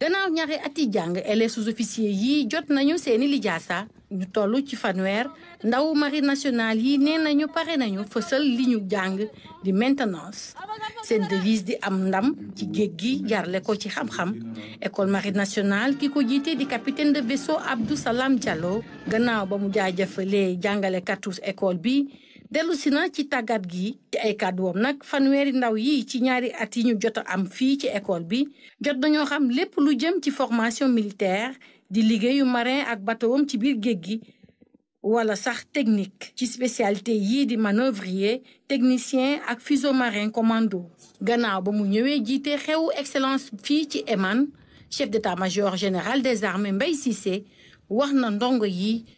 gannaaw ñaari ati jàng élèves sous-officiers yi jot nañu seeni lijaasa ñu toll ci fanweer ndaw mari nationale yi nee nañu pare nañu fësal li ñu jàng di maintenance seen devise di am ndam ci géej gi jarle ko ci xam-xam école marine nationale ki ko jiite di capitaine de vaisseau Abdou Salam gannaaw ba mu jàngale jàngalekatu école bi Delusina ci tagat gi ci ay ndaw yi ci ñaari am fii ci école bi jot formation militaire di marin technique ci spécialité yii di manœuvrier technicien commando ba mu excellence chef d'état-major général des armées Mbaye wax na yi